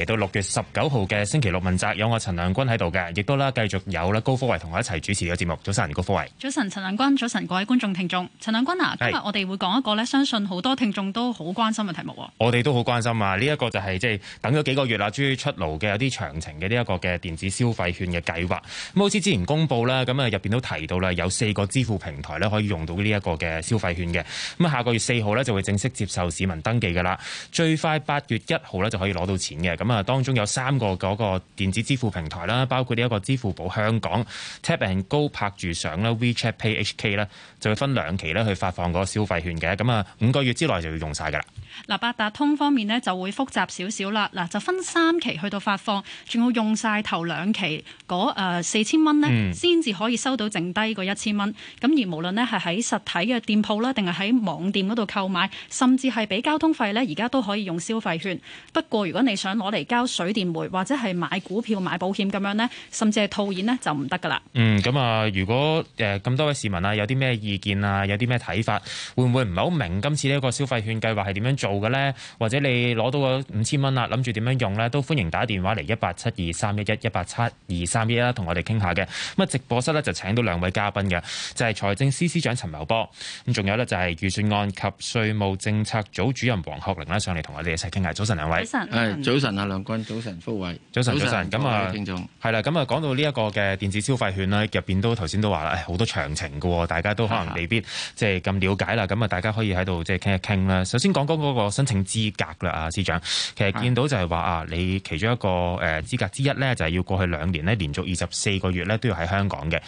嚟到六月十九號嘅星期六問責，有我陳亮君喺度嘅，亦都啦繼續有啦高科維同我一齊主持嘅節目。早晨，高科維，早晨，陳亮君，早晨，各位觀眾聽眾，陳亮君啊，今日我哋會講一個呢是相信好多聽眾都好關心嘅題目。我哋都好關心啊！呢、這、一個就係即係等咗幾個月啦，終於出爐嘅有啲詳情嘅呢一個嘅電子消費券嘅計劃。咁好似之前公布啦，咁啊入邊都提到啦，有四個支付平台呢可以用到呢一個嘅消費券嘅。咁啊下個月四號呢，就會正式接受市民登記噶啦，最快八月一號呢，就可以攞到錢嘅咁。咁啊，當中有三個嗰個電子支付平台啦，包括呢一個支付寶香港、Tap and Go 拍住上啦、WeChat Pay HK 咧，就會分兩期咧去發放個消費券嘅。咁啊，五個月之內就要用晒㗎啦。嗱，八達通方面呢，就會複雜少少啦。嗱，就分三期去到發放，仲要用晒頭兩期嗰四千蚊呢，先至可以收到剩低嗰一千蚊。咁、嗯、而無論呢係喺實體嘅店鋪啦，定係喺網店嗰度購買，甚至係俾交通費呢，而家都可以用消費券。不過如果你想攞嚟，提交水電煤或者係買股票買保險咁樣呢，甚至係套現呢，就唔得噶啦。嗯，咁啊，如果誒咁、呃、多位市民啊，有啲咩意見啊，有啲咩睇法，會唔會唔係好明今次呢一個消費券計劃係點樣做嘅呢？或者你攞到個五千蚊啦，諗住點樣用呢？都歡迎打電話嚟一八七二三一一一八七二三一啦，同我哋傾下嘅。咁啊，直播室呢，就請到兩位嘉賓嘅，就係、是、財政司司長陳茂波，咁仲有呢，就係預算案及稅務政策組主任王學玲啦，上嚟同我哋一齊傾下。早晨，兩位、嗯。早晨。早晨啊。梁君早晨，福位，早晨，早晨咁那啊，聽眾係啦，咁啊，講到呢一個嘅電子消費券咧，入邊都頭先都話啦，好多詳情嘅，大家都可能未必即係咁了解啦。咁啊的，大家可以喺度即係傾一傾啦。首先講講嗰個申請資格啦，啊司長，其實見到就係話啊，的你其中一個誒資格之一咧，就係要過去兩年咧連續二十四個月咧都要喺香港嘅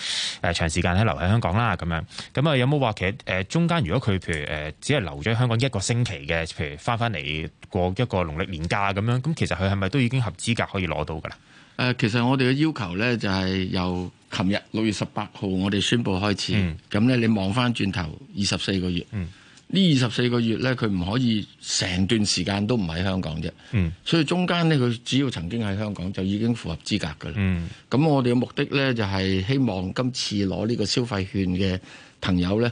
誒長時間喺留喺香港啦，咁樣。咁啊有冇話其實誒中間如果佢譬如誒只係留咗香港一個星期嘅，譬如翻翻嚟過一個農曆年假咁樣，咁其實係咪都已經合資格可以攞到噶啦、呃？其實我哋嘅要求呢，就係、是、由琴日六月十八號我哋宣布開始，咁、嗯、呢，你望翻轉頭二十四個月，呢二十四個月呢，佢唔可以成段時間都唔喺香港啫。嗯、所以中間呢，佢只要曾經喺香港就已經符合資格噶啦。咁、嗯、我哋嘅目的呢，就係、是、希望今次攞呢個消費券嘅朋友呢，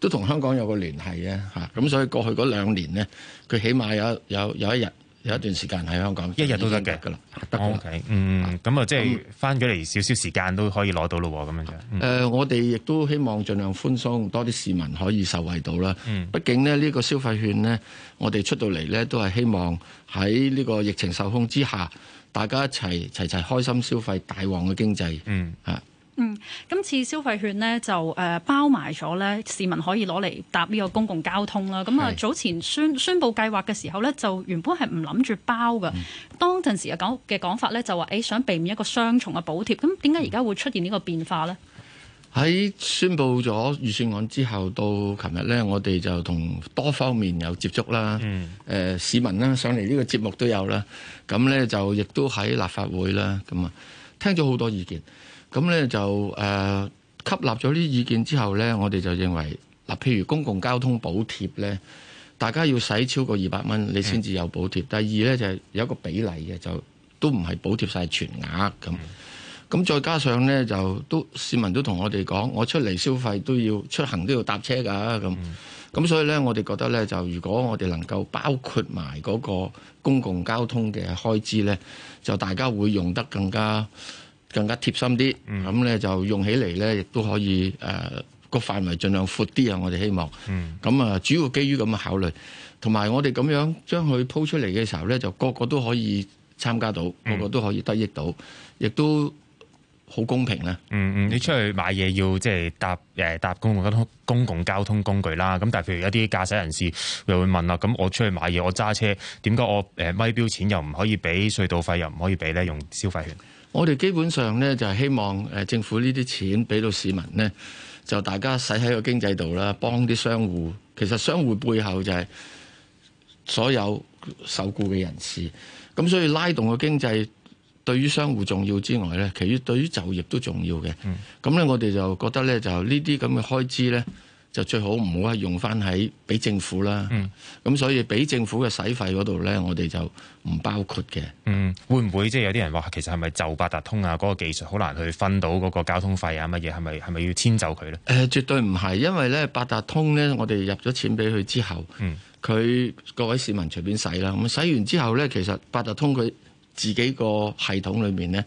都同香港有個聯繫嘅嚇。咁所以過去嗰兩年呢，佢起碼有有有，有一日。有一段時間喺香港，一日都得嘅啦，得嘅，嗯，咁啊，即係翻咗嚟少少時間都可以攞到咯，咁、嗯、樣樣。誒、嗯呃，我哋亦都希望盡量寬鬆，多啲市民可以受惠到啦。嗯、畢竟呢，呢、呢個消費券呢，我哋出到嚟呢都係希望喺呢個疫情受控之下，大家一齊齊齊開心消費，大旺嘅經濟，嗯啊。今次消費券呢，就誒包埋咗呢市民可以攞嚟搭呢個公共交通啦。咁啊是，早前宣宣佈計劃嘅時候呢，就原本係唔諗住包㗎。嗯、當陣時嘅講嘅講法呢，就話誒想避免一個雙重嘅補貼。咁點解而家會出現呢個變化呢？喺宣佈咗預算案之後到琴日呢，我哋就同多方面有接觸啦。誒、嗯呃、市民呢，上嚟呢個節目都有啦。咁呢，就亦都喺立法會啦。咁啊，聽咗好多意見。咁咧就呃，吸納咗啲意見之後咧，我哋就認為嗱，譬如公共交通補貼咧，大家要使超過二百蚊，你先至有補貼。的第二咧就係，有一個比例嘅，就都唔係補貼晒全額咁。咁的再加上咧就都市民都同我哋講，我出嚟消費都要出行都要搭車噶咁。咁的所以咧，我哋覺得咧就如果我哋能夠包括埋嗰個公共交通嘅開支咧，就大家會用得更加更加貼心啲，咁咧、嗯、就用起嚟咧，亦都可以誒個、呃、範圍盡量闊啲啊！我哋希望，咁啊、嗯、主要基於咁嘅考慮，同埋我哋咁樣將佢鋪出嚟嘅時候咧，就個個都可以參加到，個個都可以得益到，亦、嗯、都。好公平啦、啊嗯。嗯嗯，你出去買嘢要即係搭誒搭公共交通公共交通工具啦，咁但係譬如有啲駕駛人士又會問啦，咁、啊、我出去買嘢我揸車，點解我誒咪標錢又唔可以俾隧道費，又唔可以俾咧用消費券？我哋基本上咧就係、是、希望誒政府呢啲錢俾到市民咧，就大家使喺個經濟度啦，幫啲商戶，其實商戶背後就係所有受僱嘅人士，咁所以拉動個經濟。對於商戶重要之外咧，其餘對於就業都重要嘅。咁呢、嗯，那我哋就覺得咧，就呢啲咁嘅開支呢，就最好唔好係用返喺俾政府啦。咁、嗯、所以俾政府嘅使費嗰度呢，我哋就唔包括嘅。嗯，會唔會即係、就是、有啲人話其實係咪就八達通啊？嗰、那個技術好難去分到嗰個交通費啊乜嘢？係咪係咪要遷就佢呢？誒、呃，絕對唔係，因為呢八達通呢，我哋入咗錢俾佢之後，佢、嗯、各位市民隨便使啦。咁使完之後呢，其實八達通佢。自己個系統裏面咧。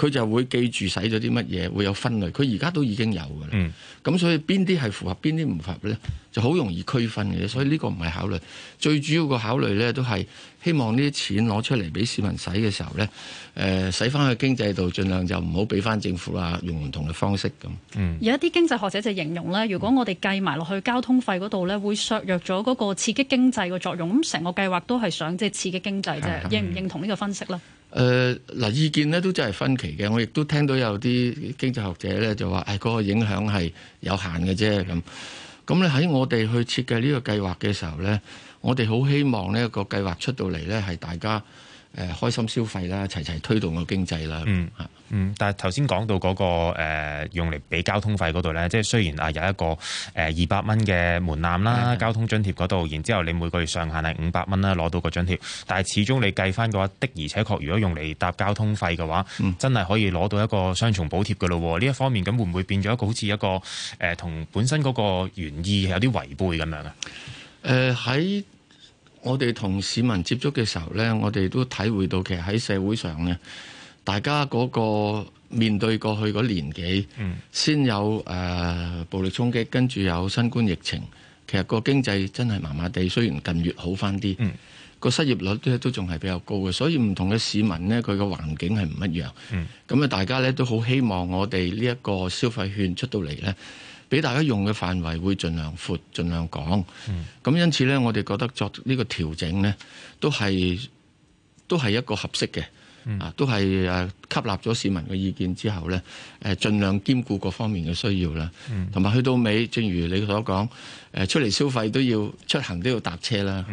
佢就會記住使咗啲乜嘢，會有分類。佢而家都已經有㗎喇。咁所以邊啲係符合，邊啲唔符合呢？就好容易區分嘅。所以呢個唔係考慮，最主要個考慮呢都係希望呢啲錢攞出嚟俾市民使嘅時候呢，誒、呃，使翻去經濟度，盡量就唔好俾翻政府啊，用唔同嘅方式咁。而、嗯、一啲經濟學者就形容呢：「如果我哋計埋落去交通費嗰度呢，會削弱咗嗰個刺激經濟嘅作用。」咁成個計劃都係想即係刺激經濟啫。認唔認同呢個分析呢？誒嗱、呃、意見咧都真係分歧嘅，我亦都聽到有啲經濟學者咧就話，誒、哎、嗰、嗰個影響係有限嘅啫咁。咁咧喺我哋去設計呢個計劃嘅時候咧，我哋好希望呢、呢個計劃出到嚟咧係大家。誒開心消費啦，齊齊推動個經濟啦。嗯，嗯，但係頭先講到嗰、嗰個、呃、用嚟俾交通費嗰度咧，即係雖然啊有一個誒二百蚊嘅門檻啦，的交通津貼嗰度，然之後你每個月上限係五百蚊啦，攞到個津貼。但係始終你計翻嘅話，的而且確如果用嚟搭交通費嘅話，嗯、真係可以攞到一個雙重補貼嘅咯。呢一方面咁會唔會變咗一個好似一個誒同、呃、本身嗰個原意係有啲違背咁樣啊？誒喺、呃我哋同市民接觸嘅時候呢，我哋都體會到其實喺社會上呢，大家嗰個面對過去嗰年紀，嗯、先有、呃、暴力衝擊，跟住有新冠疫情，其實個經濟真係麻麻地，雖然近月好翻啲，個、嗯、失業率都仲係比較高嘅，所以唔同嘅市民呢，佢嘅環境係唔一樣。咁啊、嗯，大家呢，都好希望我哋呢一個消費券出到嚟呢。俾大家用嘅範圍會盡量闊，盡量廣。咁因此呢，我哋覺得作呢個調整呢，都係都係一個合適嘅。啊，都係誒吸納咗市民嘅意見之後呢，誒盡量兼顧各方面嘅需要啦。同埋去到尾，正如你所講，出嚟消費都要出行都要搭車啦。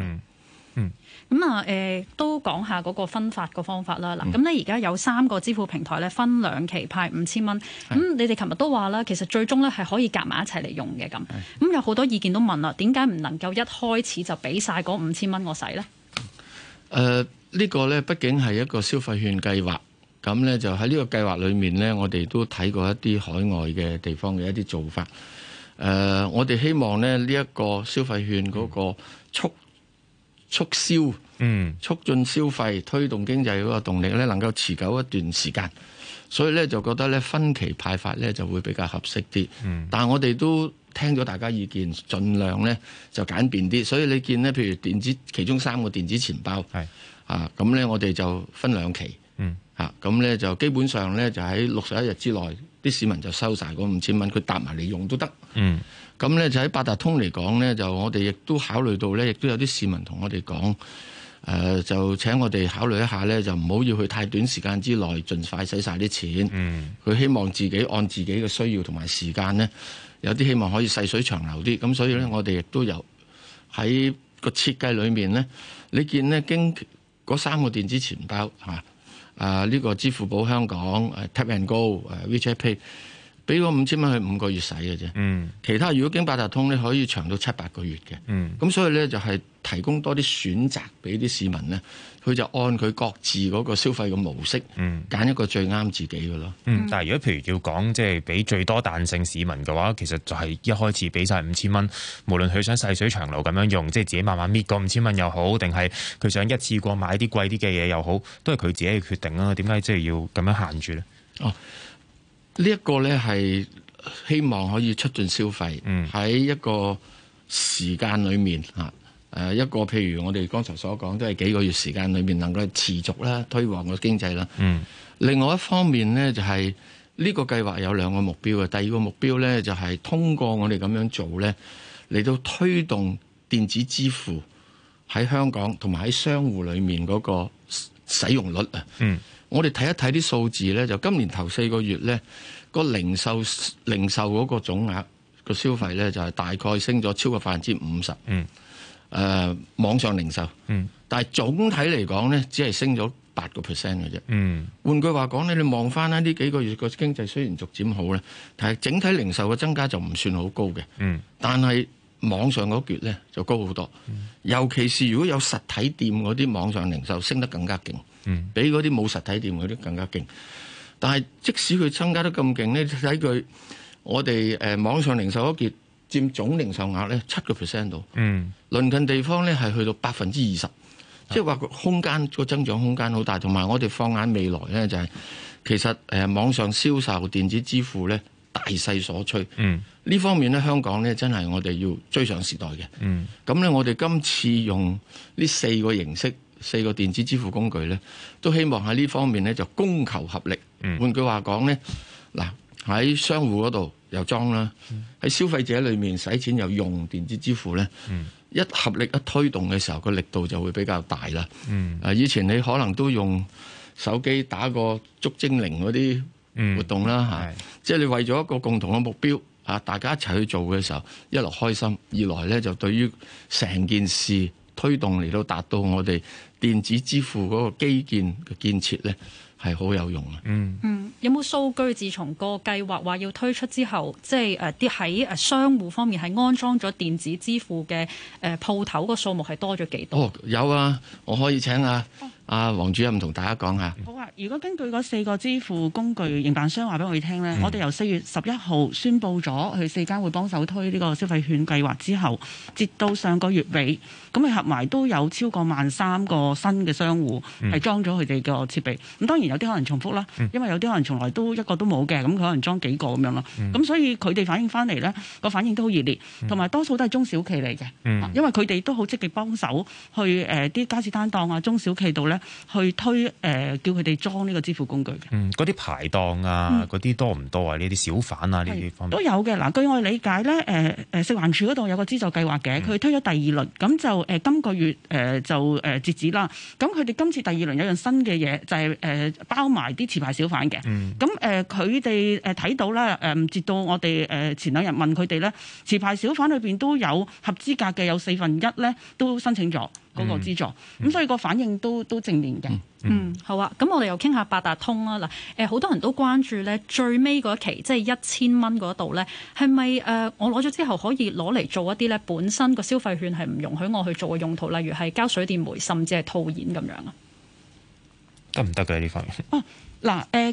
咁啊，誒都講下嗰個分發個方法啦。嗱，咁咧而家有三個支付平台咧，分兩期派五千蚊。咁是的 你哋琴日都話啦，其實最終咧係可以夾埋一齊嚟用嘅咁。咁是的、嗯、有好多意見都問啦，點解唔能夠一開始就俾晒嗰五千蚊我使咧？誒、呃，呢、呢個咧畢竟係一個消費券計劃。咁咧就喺呢個計劃裏面咧，我哋都睇過一啲海外嘅地方嘅一啲做法。誒、呃，我哋希望咧呢一個消費券嗰個速促銷，嗯，促進消費，推動經濟嗰個動力咧，能夠持久一段時間，所以咧就覺得咧分期派發咧就會比較合適啲。嗯，但係我哋都聽咗大家意見，盡量咧就簡便啲。所以你見咧，譬如電子其中三個電子錢包，係啊，咁咧我哋就分兩期，嗯，啊，咁咧就基本上咧就喺六十一日之內，啲市民就收晒嗰五千蚊，佢搭埋嚟用都得，嗯。咁咧就喺八達通嚟講咧，就我哋亦都考慮到咧，亦都有啲市民同我哋講，誒、呃、就請我哋考慮一下咧，就唔好要，要去太短時間之內盡快使晒啲錢。嗯，佢希望自己按自己嘅需要同埋時間咧，有啲希望可以細水長流啲。咁所以咧，嗯、我哋亦都有喺個設計裏面咧，你見呢經嗰三個電子錢包嚇，啊呢、呢個支付寶香港、Tap and Go、WeChat Pay。俾個五千蚊佢五個月使嘅啫，嗯、其他如果經八達通咧，可以長到七八個月嘅。咁、嗯、所以咧就係提供多啲選擇俾啲市民咧，佢就按佢各自嗰個消費嘅模式揀、嗯、一個最啱自己嘅咯、嗯。但係如果譬如要講即係俾最多彈性市民嘅話，其實就係一開始俾晒五千蚊，無論佢想細水長流咁樣用，即係自己慢慢搣個五千蚊又好，定係佢想一次過買啲貴啲嘅嘢又好，都係佢自己嘅決定啊。點解即係要咁樣限住咧？哦。呢一個呢，係希望可以促進消費，喺、嗯、一個時間裏面吓，誒一個譬如我哋剛才所講都係幾個月時間裏面能夠持續啦，推旺個經濟啦。嗯。另外一方面呢、就是，就係呢個計劃有兩個目標，第二個目標呢，就係通過我哋咁樣做呢，嚟到推動電子支付喺香港同埋喺商戶裏面嗰個使用率啊。嗯。我哋睇一睇啲數字咧，就今年頭四個月咧，那個零售零售嗰個總額、那個消費咧，就係、是、大概升咗超過百分之五十。嗯、mm. 呃，誒網上零售。嗯，mm. 但係總體嚟講咧，只係升咗八個 percent 嘅啫。嗯，mm. 換句話講咧，你望翻咧呢幾個月個經濟雖然逐漸好咧，但係整體零售嘅增加就唔算好高嘅。嗯，mm. 但係網上嗰月咧就高好多。尤其是如果有實體店嗰啲，網上零售升得更加勁。比嗰啲冇實體店嗰啲更加勁。但係即使佢增加得咁勁呢，睇佢我哋誒、呃、網上零售嗰件佔總零售額呢，七個 percent 度。嗯，鄰近地方呢，係去到百分之二十，即係話個空間個是增長空間好大。同埋我哋放眼未來呢，就係、是、其實誒、呃、網上銷售、電子支付呢，大勢所趨。嗯，呢方面呢，香港呢，真係我哋要追上時代嘅。嗯，咁呢我哋今次用呢四個形式。四個電子支付工具呢都希望喺呢方面呢就供求合力。嗯、換句話講咧，嗱喺商戶嗰度又裝啦，喺、嗯、消費者裏面使錢又用電子支付呢、嗯、一合力一推動嘅時候，個力度就會比較大啦。嗯、以前你可能都用手機打個捉精靈嗰啲活動啦嚇，嗯、是即係你為咗一個共同嘅目標啊，大家一齊去做嘅時候，一來開心，二來呢就對於成件事推動嚟到達到我哋。電子支付嗰個基建嘅建設咧係好有用啊！嗯嗯，有冇數據？自從個計劃話要推出之後，即係誒啲喺誒商戶方面係安裝咗電子支付嘅誒鋪頭個數目係多咗幾多？哦，有啊，我可以請啊。哦阿、啊、王主任同大家講下。好啊，如果根據嗰四個支付工具營辦商話俾我哋聽咧，嗯、我哋由四月十一號宣布咗，去四間會幫手推呢個消費券計劃之後，截到上個月尾，咁啊合埋都有超過萬三個新嘅商戶係裝咗佢哋嘅設備。咁當然有啲可能重複啦，因為有啲可能從來都一個都冇嘅，咁佢可能裝幾個咁樣咯。咁所以佢哋反應翻嚟咧，個反應都好熱烈，同埋多數都係中小企嚟嘅，因為佢哋都好積極幫手去啲街、呃、市攤檔啊、中小企度咧。去推誒、呃，叫佢哋裝呢個支付工具嘅。嗯，嗰啲排檔啊，嗰啲多唔多啊？呢啲、嗯、小販啊，呢啲方面都有嘅。嗱，據我理解咧，誒誒食環署嗰度有個資助計劃嘅，佢、嗯、推咗第二輪，咁就誒、呃、今個月誒、呃、就誒截止啦。咁佢哋今次第二輪有樣新嘅嘢，就係、是、誒、呃、包埋啲持牌小販嘅。嗯。咁誒，佢哋誒睇到啦，誒、呃、截到我哋誒前兩日問佢哋咧，持牌小販裏邊都有合資格嘅，有四分一咧都申請咗。嗰、嗯、個資助，咁所以個反應都都正面嘅。嗯，好啊，咁我哋又傾下八達通啦。嗱、呃，誒好多人都關注咧，最尾嗰期即係、就是、一千蚊嗰度咧，係咪誒我攞咗之後可以攞嚟做一啲咧，本身個消費券係唔容許我去做嘅用途，例如係交水電煤，甚至係套現咁樣行不行的啊？得唔得㗎呢份？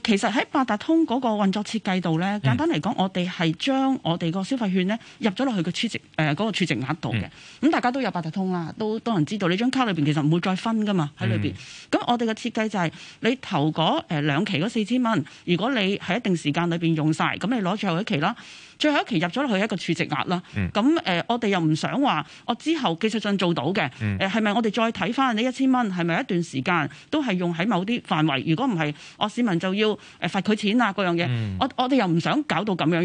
其實喺八達通嗰個運作設計度咧，簡單嚟講，我哋係將我哋個消費券咧入咗落去個儲值嗰個儲值額度嘅。咁大家都有八達通啦，都多人知道。你張卡裏面其實唔會再分噶嘛，喺裏面，咁我哋嘅設計就係、誒、你投嗰兩期嗰四千蚊，如果你喺一定時間裏面用晒，咁你攞最後一期啦。最後一期入咗去一個儲值額啦，咁我哋又唔想話我之後技術上做到嘅，誒，係咪我哋再睇翻呢一千蚊係咪一段時間都係用喺某啲範圍？如果唔係，我市民就要罰佢錢啊嗰樣嘢。我我哋又唔想搞到咁樣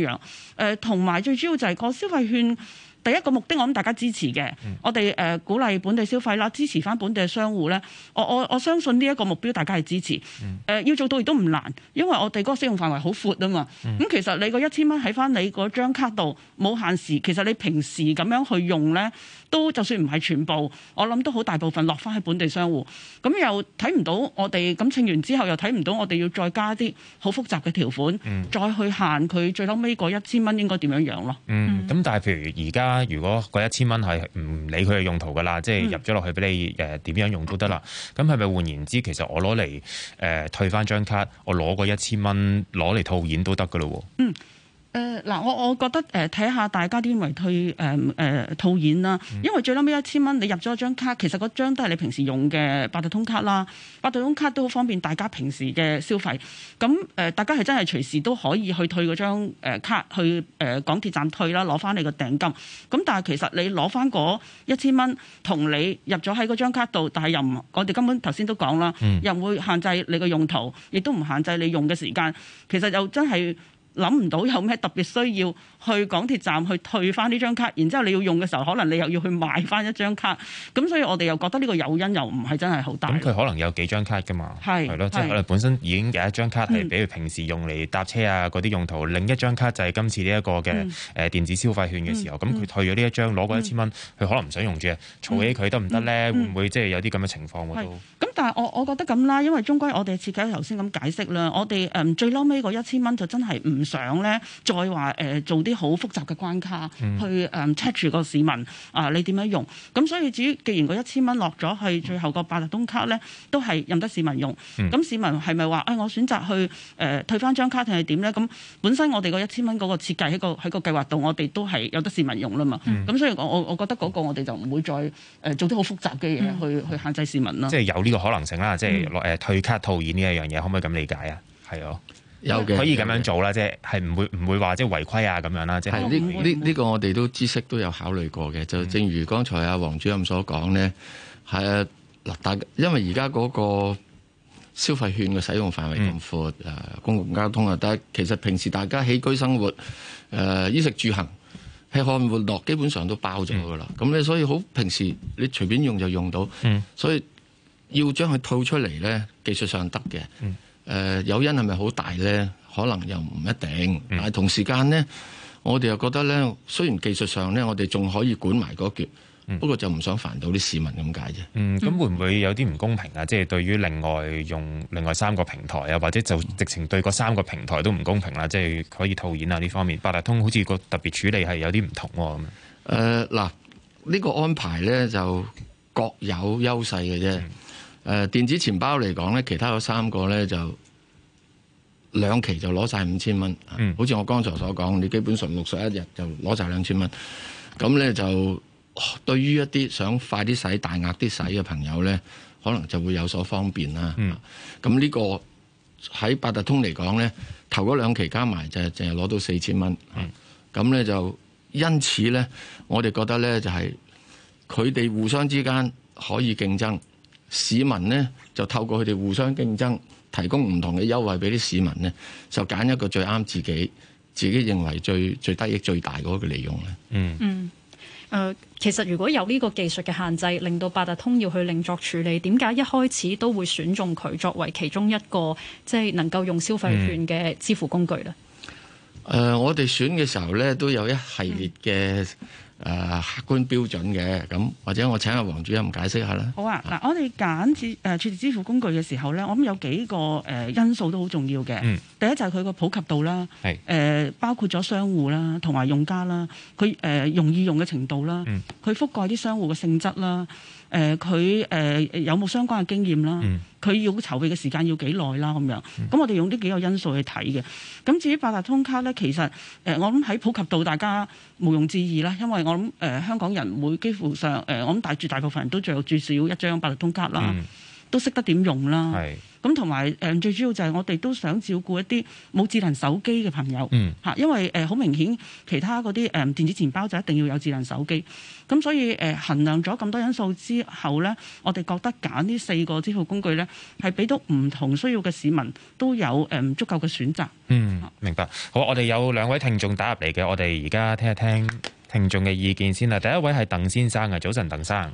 樣。同埋最主要就係個消費券。第一個目的我諗大家支持嘅，我哋誒鼓勵本地消費啦，支持翻本地嘅商戶咧，我我我相信呢一個目標大家係支持，誒、呃、要做到亦都唔難，因為我哋嗰個適用範圍好闊啊嘛，咁、嗯、其實你個一千蚊喺翻你嗰張卡度冇限時，其實你平時咁樣去用咧。都就算唔係全部，我諗都好大部分落翻喺本地商戶，咁又睇唔到我哋咁稱完之後又睇唔到我哋要再加啲好複雜嘅條款，嗯、再去限佢最，最後尾嗰一千蚊應該點樣用咯？嗯，咁、嗯、但係譬如而家如果嗰一千蚊係唔理佢嘅用途㗎啦，即係入咗落去俾你誒點、嗯呃、樣用都得啦。咁係咪換言之，其實我攞嚟誒退翻張卡，我攞嗰一千蚊攞嚟套現都得嘅咯？嗯。誒嗱、呃，我我覺得誒睇下大家點為退誒誒套現啦，因為最尾一千蚊，你入咗一張卡，其實嗰張都係你平時用嘅八達通卡啦，八達通卡都好方便大家平時嘅消費。咁誒、呃，大家係真係隨時都可以去退嗰張卡，去誒、呃、港鐵站退啦，攞翻你個訂金。咁但係其實你攞翻嗰一千蚊，同你入咗喺嗰張卡度，但係又唔，我哋根本頭先都講啦，又唔會限制你嘅用途，亦都唔限制你用嘅時間。其實又真係，諗唔到有咩特別需要。去港鐵站去退翻呢張卡，然之後你要用嘅時候，可能你又要去買翻一張卡，咁所以我哋又覺得呢個誘因又唔係真係好大。咁佢可能有幾張卡㗎嘛？係，係咯，即係可能本身已經有一張卡係畀佢平時用嚟搭車啊嗰啲用途，另一張卡就係今次呢一個嘅電子消費券嘅時候，咁佢退咗呢一張攞過一千蚊，佢可能唔想用住啊，儲起佢得唔得咧？會唔會即係有啲咁嘅情況喎？都咁，但係我，我覺得咁啦，因為終歸我哋設計頭先咁解釋啦，我哋最嬲尾嗰一千蚊就真係唔想咧再話做啲好複雜嘅關卡去誒 check 住個市民、嗯、啊，你點樣用？咁所以至於既然個一千蚊落咗去最後個八達通卡咧，都係任得市民用。咁、嗯、市民係咪話誒我選擇去誒、呃、退翻張卡定係點咧？咁本身我哋個一千蚊嗰個設計喺、個喺個計劃度，我哋都係有得市民用啦嘛。咁、嗯、所以講我我覺得嗰個我哋就唔會再誒做啲好複雜嘅嘢去、嗯、去限制市民囉。即係有呢個可能性啦，即係落誒退卡套現呢一樣嘢，嗯、可唔可以咁理解啊？係咯。有嘅可以咁樣做啦，是的即係唔會唔的會話即係違規啊咁樣啦，即係呢呢呢個我哋都知識都有考慮過嘅。就正如剛才阿王主任所講咧，係嗱大，因為而家嗰個消費券嘅使用範圍咁闊，誒、嗯、公共交通又得，其實平時大家起居生活誒、呃、衣食住行吃喝玩樂基本上都包咗㗎啦。咁咧、嗯、所以好平時你隨便用就用到，嗯、所以要將佢套出嚟咧技術上得嘅。嗯誒、呃、有因係咪好大呢？可能又唔一定，但係同時間呢，我哋又覺得呢，雖然技術上呢，我哋仲可以管埋嗰橛，嗯、不過就唔想煩到啲市民咁解啫。嗯，咁會唔會有啲唔公平啊？即、就、係、是、對於另外用另外三個平台啊，或者就直情對嗰三個平台都唔公平啦？即、就、係、是、可以套現啊呢方面，八達通好似個特別處理係有啲唔同喎。咁誒嗱，呢、呃這個安排呢，就各有優勢嘅啫。嗯誒電子錢包嚟講咧，其他有三個咧，就兩期就攞晒五千蚊。嗯、好似我剛才所講，你基本上六十一日就攞晒兩千蚊。咁咧就對於一啲想快啲使、大額啲使嘅朋友咧，可能就會有所方便啦。咁呢、嗯啊呢個喺八達通嚟講咧，頭嗰兩期加埋就淨係攞到四千蚊。咁咧、嗯啊、就因此咧，我哋覺得咧就係佢哋互相之間可以競爭。市民呢，就透過佢哋互相競爭，提供唔同嘅優惠俾啲市民呢就揀一個最啱自己，自己認為最最得益最大嗰個利用咧。嗯嗯，誒、呃，其實如果有呢個技術嘅限制，令到八達通要去另作處理，點解一開始都會選中佢作為其中一個即係、就是、能夠用消費券嘅支付工具呢？誒、嗯呃，我哋選嘅時候呢，都有一系列嘅。誒、呃、客觀標準嘅咁，或者我請阿王主任解釋下啦。好啊，嗱是，我哋揀設誒儲值支付工具嘅時候咧，我諗有幾個誒、呃、因素都好重要嘅。嗯、第一就係佢個普及度啦、呃，包括咗商戶啦，同埋用家啦，佢、呃、容易用嘅程度啦，佢覆蓋啲商戶嘅性質啦。誒佢誒有冇相關嘅經驗啦？佢要籌備嘅時間要幾耐啦？咁樣咁我哋用呢幾個因素去睇嘅。咁至於八達通卡咧，其實誒、呃、我諗喺普及度大家毋庸置疑啦，因為我諗誒、呃、香港人每幾乎上誒、呃、我諗大住大部分人都仲有最少一張八達通卡啦，嗯、都識得點用啦。咁同埋誒最主要就係我哋都想照顧一啲冇智能手機嘅朋友嚇，嗯，因為誒好明顯其他嗰啲誒電子錢包就一定要有智能手機，咁所以誒衡量咗咁多因素之後咧，我哋覺得揀呢四個支付工具咧，係俾到唔同需要嘅市民都有誒足夠嘅選擇。嗯，明白。好，我哋有兩位聽眾打入嚟嘅，我哋而家聽一聽聽眾嘅意見先啦。第一位係鄧先生啊，早晨，鄧生。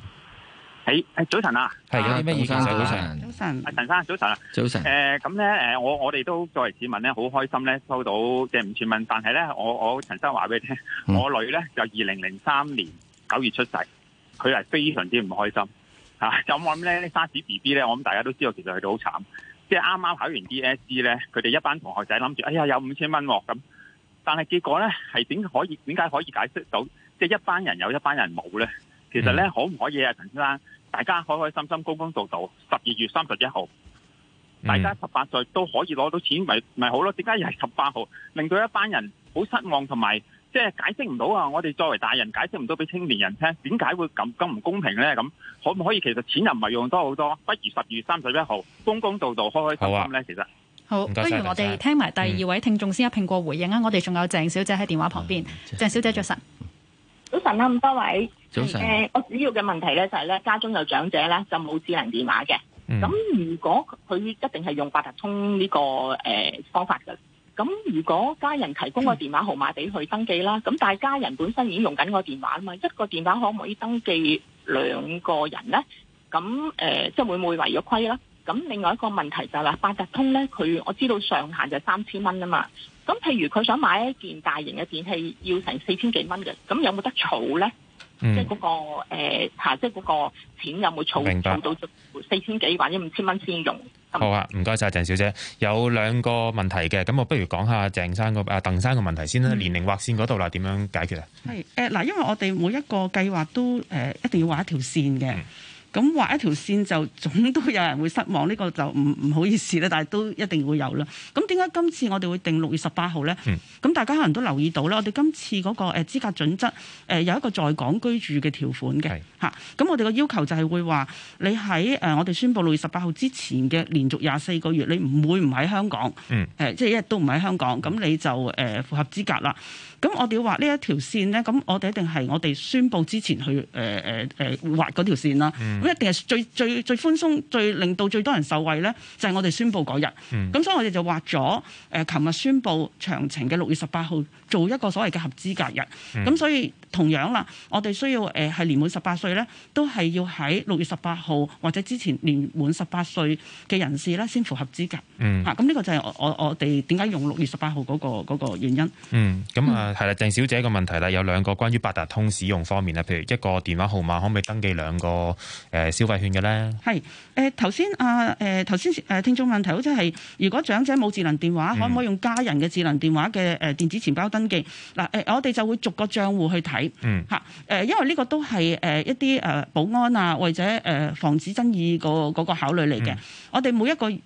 喺誒，hey, hey, 早晨啊！係咩先生？早晨，早晨，阿陳生早晨啊！早晨，誒、啊，咁咧，誒、呃呃，我我哋都作為市民咧，好開心咧，收到嘅係五千蚊。但係咧，我我陳生話俾你聽，我女咧就二零零三年九月出世，佢係非常之唔開心吓。咁、啊、我諗咧，沙士 B B 咧，我諗大家都知道，其實佢好慘。即係啱啱考完 D S E 咧，佢哋一班同學仔諗住，哎呀有五千蚊喎咁。但係結果咧，係點可以？點解可以解釋到？即、就、係、是、一班人有一班人冇咧？其實咧，可唔可以啊，陳先生？大家開開心心，公公道道。十二月三十一號，大家十八歲都可以攞到錢，咪咪好咯？點解又係十八號，令到一班人好失望，同埋即係解釋唔到啊？我哋作為大人解釋唔到俾青年人聽，點解會咁咁唔公平咧？咁可唔可以？其實錢又唔係用多好多，不如十二月三十一號公公道道，開開心心咧？啊、其實好，不如謝我哋聽埋第二位聽眾先一拼過回應啊。嗯、我哋仲有鄭小姐喺電話旁邊，鄭、嗯、小姐着神，早晨啊，咁多位。誒、嗯呃，我主要嘅問題咧就係咧，家中有長者咧就冇智能電話嘅。咁、嗯、如果佢一定係用八達通呢、這個誒、呃、方法嘅，咁如果家人提供個電話號碼俾佢登記啦，咁、嗯、但係家人本身已經用緊個電話啊嘛，一個電話可唔可以登記兩個人咧？咁誒，即、呃、係會唔會違咗規啦？咁另外一個問題就係、是、啦，八達通咧，佢我知道上限就三千蚊啊嘛。咁譬如佢想買一件大型嘅電器，要成四千幾蚊嘅，咁有冇得儲咧？嗯、即係、那、嗰個誒、呃，即係個錢有冇儲儲到四千幾或者五千蚊先用？是不是？好啊，唔該晒鄭小姐，有兩個問題嘅，咁我不如講下鄭生個啊鄧生個問題先啦。嗯、年齡劃線嗰度啦，點樣解決啊？係誒，嗱、呃，因為我哋每一個計劃都誒、呃、一定要畫一條線嘅。嗯咁畫一條線就總都有人會失望，呢、呢個就唔唔好意思啦，但係都一定會有啦。咁點解今次我哋會定六月十八號呢？咁、嗯、大家可能都留意到啦，我哋今次嗰個誒資格準則誒有一個在港居住嘅條款嘅嚇，咁是、嗯、我哋個要求就係會話你喺誒我哋宣布六月十八號之前嘅連續廿四個月，你唔會唔喺香港，嗯、即係一日都唔喺香港，咁你就、呃、符合資格啦。咁我哋要畫呢一條線咧，咁我哋一定係我哋宣佈之前去誒誒誒畫嗰條線啦。咁、mm. 一定係最最最寬鬆、最令到最多人受惠咧，就係、是、我哋宣佈嗰日。咁、mm. 所以我哋就畫咗誒，琴、呃、日宣佈詳情嘅六月十八號。做一個所謂嘅合資格人，咁、嗯、所以同樣啦，我哋需要誒係、呃、年滿十八歲咧，都係要喺六月十八號或者之前年滿十八歲嘅人士咧先符合資格。嗯，嚇、啊，咁呢個就係我我我哋點解用六月十八號嗰個嗰個原因。嗯，咁啊係啦，鄭小姐嘅問題啦，有兩個關於八達通使用方面啊，譬如一個電話號碼可唔可以登記兩個誒、呃、消費券嘅咧？係誒頭先啊誒頭先誒聽眾問題好似係如果長者冇智能電話，嗯、可唔可以用家人嘅智能電話嘅誒電子錢包登？嗱，誒，我哋就會逐個賬戶去睇，吓、嗯，誒，因為呢個都係誒一啲誒保安啊或者誒防止爭議個嗰個考慮嚟嘅。嗯、我哋每一個誒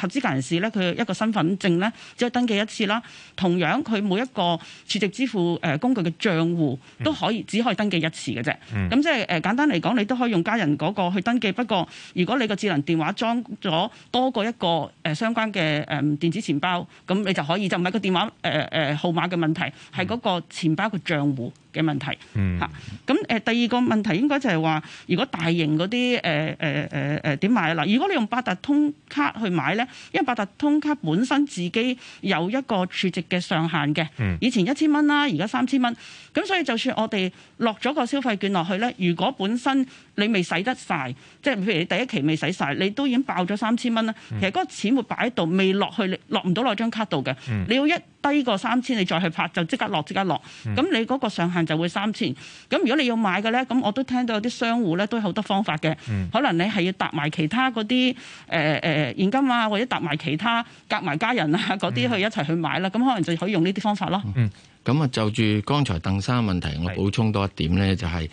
合資格人士咧，佢一個身份證咧只可以登記一次啦。同樣，佢每一個儲值支付誒工具嘅賬戶都可以只可以登記一次嘅啫。咁、嗯、即係誒簡單嚟講，你都可以用家人嗰個去登記。不過如果你個智能電話裝咗多過一個誒相關嘅誒電子錢包，咁你就可以就唔係個電話誒誒號碼嘅問題。係嗰個錢包嘅賬戶。嘅問題吓，咁、啊、誒、呃、第二個問題應該就係話，如果大型嗰啲誒誒誒誒點買啊？嗱，如果你用八達通卡去買咧，因為八達通卡本身自己有一個儲值嘅上限嘅，以前一千蚊啦，而家三千蚊，咁所以就算我哋落咗個消費券落去咧，如果本身你未使得晒，即係譬如你第一期未使晒，你都已經爆咗三千蚊啦，其實嗰個錢會擺喺度，未落去落唔到落張卡度嘅，你要一低過三千，你再去拍就即刻落，即刻落，咁你嗰個上限。就會三千咁，如果你要買嘅咧，咁我都聽到有啲商戶咧都好多方法嘅，嗯、可能你係要搭埋其他嗰啲誒誒現金啊，或者搭埋其他夾埋家人啊嗰啲去一齊去買啦，咁、嗯、可能就可以用呢啲方法咯。嗯，咁啊就住剛才鄧生嘅問題，我補充多一點咧、就是，就係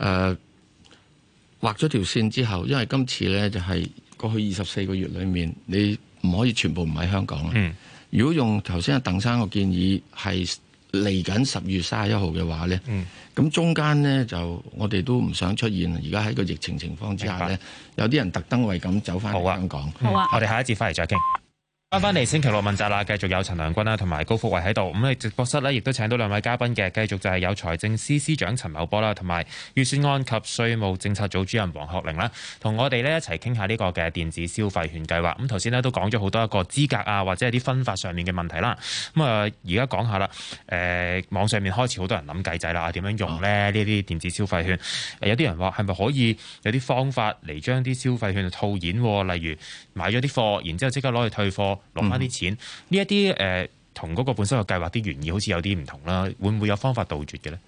誒畫咗條線之後，因為今次咧就係過去二十四個月裡面，你唔可以全部唔喺香港啦。嗯、如果用頭先阿鄧生個建議係。嚟緊十月三十一號嘅話呢，咁、嗯、中間呢，就我哋都唔想出現。而家喺個疫情情況之下呢，白有啲人特登為咁走翻香港。好啊，是好啊，我哋下一節翻嚟再傾。翻翻嚟星期六問責啦，繼續有陳良君啦，同埋高福慧喺度。咁喺直播室呢，亦都請到兩位嘉賓嘅，繼續就係有財政司司長陳茂波啦，同埋預算案及稅務政策組主任王學玲啦，同我哋呢一齊傾下呢個嘅電子消費券計劃。咁頭先呢都講咗好多一個資格啊，或者係啲分法上面嘅問題啦。咁、呃、啊，而家講下啦，誒、呃，網上面開始好多人諗計仔啦，點、啊、樣用呢呢啲、哦、電子消費券？呃、有啲人話係咪可以有啲方法嚟將啲消費券套現啊？例如買咗啲貨，然之後即刻攞去退貨。攞翻啲錢，呢一啲誒同嗰個本身嘅計劃啲原意好似有啲唔同啦，會唔會有方法杜絕嘅咧？誒、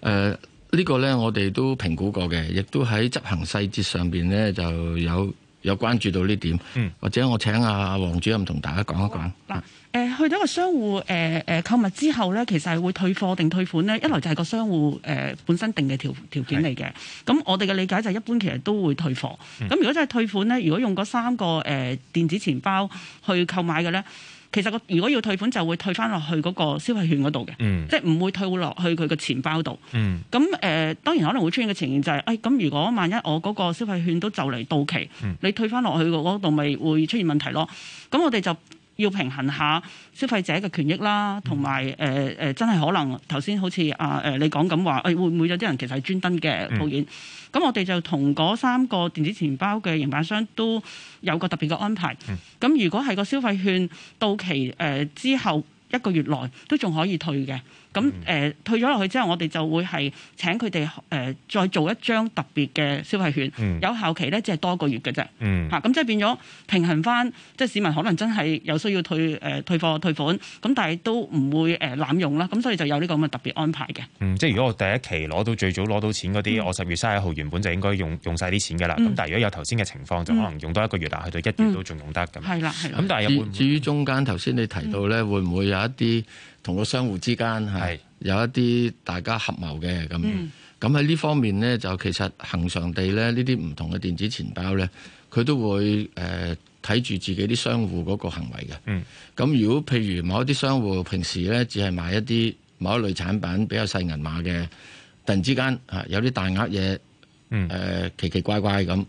呃，這個、呢個咧我哋都評估過嘅，亦都喺執行細節上邊咧就有有關注到呢點，嗯、或者我請阿、啊、王主任同大家講一講。嗯去到一個商戶誒誒、呃、購物之後咧，其實係會退貨定退款咧。一來就係個商戶、呃、本身定嘅條,條件嚟嘅。咁的我哋嘅理解就一般，其實都會退貨。咁、嗯、如果真係退款咧，如果用嗰三個誒、呃、電子錢包去購買嘅咧，其實如果要退款就會退翻落去嗰個消費券嗰度嘅。嗯、即唔會退落去佢個錢包度。咁誒、嗯呃、當然可能會出現嘅情形，就係、是，哎咁如果萬一我嗰個消費券都就嚟到期，你退翻落去嗰度咪會出現問題咯。咁我哋就。要平衡下消費者嘅權益啦，同埋誒誒，真係可能頭先好似啊誒你講咁話，誒會唔會有啲人其實係專登嘅套現？咁、嗯、我哋就同嗰三個電子錢包嘅營辦商都有個特別嘅安排。咁、嗯、如果係個消費券到期誒、呃、之後一個月內都仲可以退嘅。咁誒退咗落去之後，我哋就會係請佢哋誒再做一張特別嘅消費券，有效期咧就係多一個月嘅啫。嚇咁即係變咗平衡翻，即係市民可能真係有需要退誒退貨退款，咁但係都唔會誒濫用啦。咁所以就有呢個咁嘅特別安排嘅。嗯，即係如果我第一期攞到最早攞到錢嗰啲，我十月三十一號原本就應該用用晒啲錢㗎啦。咁但係如果有頭先嘅情況，就可能用多一個月啦，去到一月都仲用得咁。係啦，係啦。咁但係有冇？至於中間頭先你提到咧，會唔會有一啲？同個商戶之間係有一啲大家合謀嘅咁。咁喺呢方面呢，就其實恒常地咧，呢啲唔同嘅電子錢包呢，佢都會誒睇住自己啲商戶嗰個行為嘅。咁、嗯、如果譬如某一啲商戶平時呢只係買一啲某一類產品比較細銀碼嘅，突然之間啊有啲大額嘢，誒、嗯呃、奇奇怪怪咁。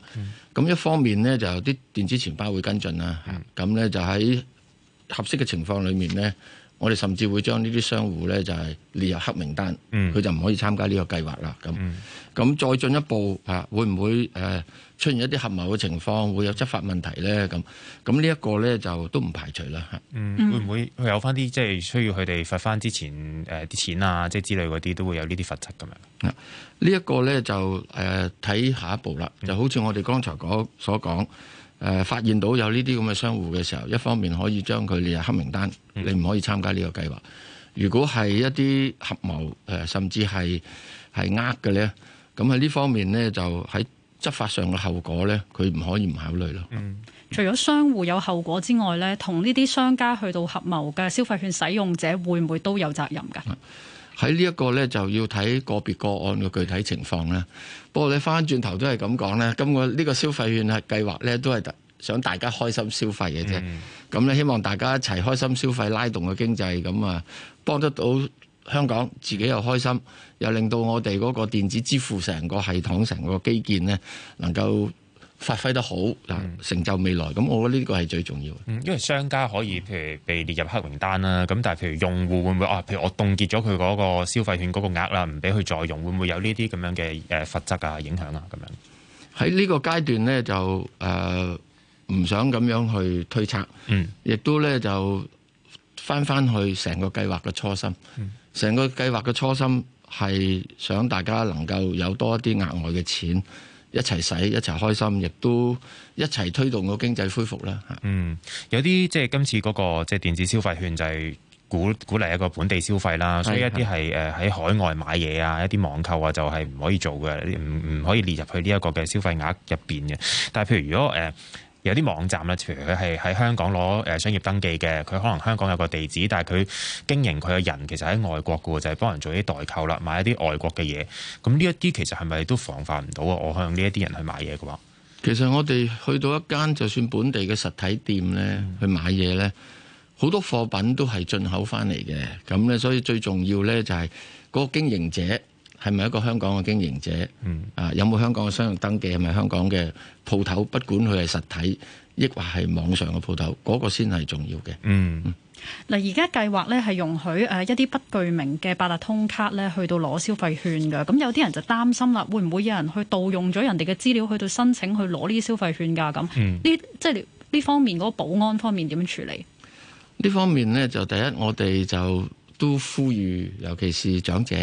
咁一方面呢，就啲電子錢包會跟進啦，咁呢，就喺合適嘅情況裡面呢。我哋甚至會將呢啲商戶咧，就係列入黑名單，佢、嗯、就唔可以參加呢個計劃啦。咁咁、嗯、再進一步嚇，會唔會誒出現一啲合謀嘅情況，會有執法問題咧？咁咁呢一個咧、嗯，就都唔排除啦。嚇，會唔會有翻啲即係需要佢哋罰翻之前誒啲錢啊，即係之類嗰啲，都會有呢啲罰則咁樣？嗯、呢一個咧就誒睇下一步啦。就好似我哋剛才所講。誒、呃、發現到有呢啲咁嘅商戶嘅時候，一方面可以將佢列入黑名單，你唔可以參加呢個計劃。如果係一啲合謀誒、呃，甚至係係呃嘅呢，咁喺呢方面呢，就喺執法上嘅後果呢，佢唔可以唔考慮咯。嗯嗯、除咗商戶有後果之外呢，同呢啲商家去到合謀嘅消費券使用者會唔會都有責任㗎？喺呢一個呢，就要睇個別個案嘅具體情況啦。不過你翻翻轉頭都係咁講咧，咁我呢個消費券啊計劃咧都係想大家開心消費嘅啫。咁咧、嗯、希望大家一齊開心消費，拉動個經濟，咁啊幫得到香港自己又開心，又令到我哋嗰個電子支付成個系統、成個基建咧能夠發揮得好嗱，嗯、成就未來咁，我覺得呢個係最重要嘅、嗯。因為商家可以譬如被列入黑名單啦，咁、嗯、但係譬如用戶會唔會啊？譬如我凍結咗佢嗰個消費券嗰個額啦，唔俾佢再用，會唔會有呢啲咁樣嘅誒罰則啊、影響啊咁樣？喺呢個階段呢，就誒唔、呃、想咁樣去推測，亦、嗯、都咧就翻翻去成個計劃嘅初心。成、嗯、個計劃嘅初心係想大家能夠有多一啲額外嘅錢。一齊使一齊開心，亦都一齊推動個經濟恢復啦。嗯，有啲即係今次嗰個即係電子消費券就係鼓鼓勵一個本地消費啦，所以一啲係誒喺海外買嘢啊，一啲網購啊就係唔可以做嘅，唔唔可以列入去呢一個嘅消費額入邊嘅。但係譬如如果誒。呃有啲網站咧，譬如佢係喺香港攞誒商業登記嘅，佢可能香港有個地址，但係佢經營佢嘅人其實喺外國嘅，就係、是、幫人做啲代購啦，買一啲外國嘅嘢。咁呢一啲其實係咪都防範唔到啊？我向呢一啲人去買嘢嘅話，其實我哋去到一間就算本地嘅實體店咧，去買嘢咧，好多貨品都係進口翻嚟嘅。咁咧，所以最重要咧就係嗰個經營者。係咪一個香港嘅經營者？嗯啊，有冇香港嘅商業登記？係咪香港嘅鋪頭？不管佢係實體，抑或係網上嘅鋪頭，嗰、嗰個先係重要嘅。嗯，嗱，而家計劃咧係容許誒一啲不具名嘅八達通卡咧去到攞消費券噶咁有啲人就擔心啦，會唔會有人去盜用咗人哋嘅資料去到申請去攞呢消費券噶？咁呢、嗯，即係呢方面嗰個保安方面點樣處理？呢方面咧就第一，我哋就都呼籲，尤其是長者。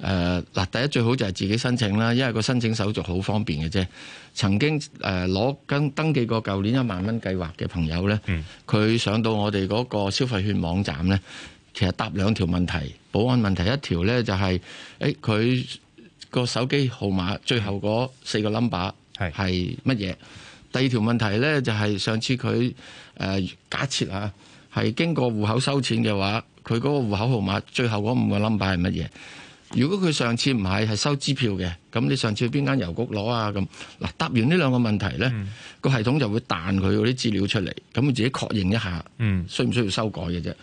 誒嗱，第一最好就係自己申請啦，因為個申請手續好方便嘅啫。曾經誒攞跟登記過舊年一萬蚊計劃嘅朋友呢，佢、嗯、上到我哋嗰個消費券網站呢，其實答兩條問題，保安問題一條呢就係、是，誒佢個手機號碼最後嗰四個 number 係乜嘢？是第二條問題呢就係、是、上次佢誒、呃、假設啊，係經過戶口收錢嘅話，佢嗰個戶口號碼最後嗰五個 number 係乜嘢？如果佢上次唔係係收支票嘅，咁你上次去邊間郵局攞啊？咁嗱答完呢兩個問題咧，個、嗯、系統就會彈佢嗰啲資料出嚟，咁自己確認一下，嗯、需唔需要修改嘅啫？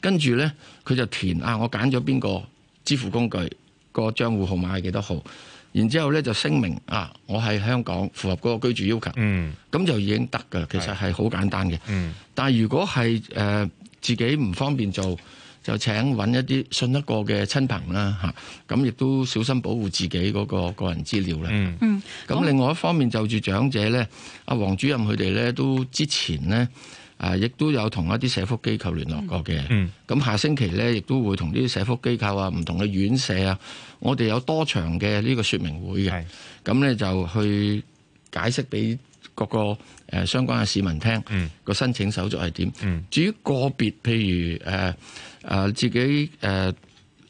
跟住咧佢就填啊，我揀咗邊個支付工具，嗯、個賬戶號碼係幾多號？然之後咧就聲明啊，我喺香港符合嗰個居住要求，咁、嗯、就已經得噶啦。其實係好簡單嘅。嗯、但係如果係誒、呃、自己唔方便做。就請揾一啲信得過嘅親朋啦嚇，咁亦都小心保護自己嗰個個人資料啦。嗯，咁另外一方面就住長者咧，阿黃主任佢哋咧都之前咧啊，亦都有同一啲社福機構聯絡過嘅。嗯，咁下星期咧亦都會同啲社福機構啊、唔同嘅院舍啊，我哋有多場嘅呢個説明會嘅。咁咧就去解釋俾。各個誒、呃、相關嘅市民聽個、嗯、申請手續係點？嗯、至於個別譬如誒誒、呃呃、自己誒、呃、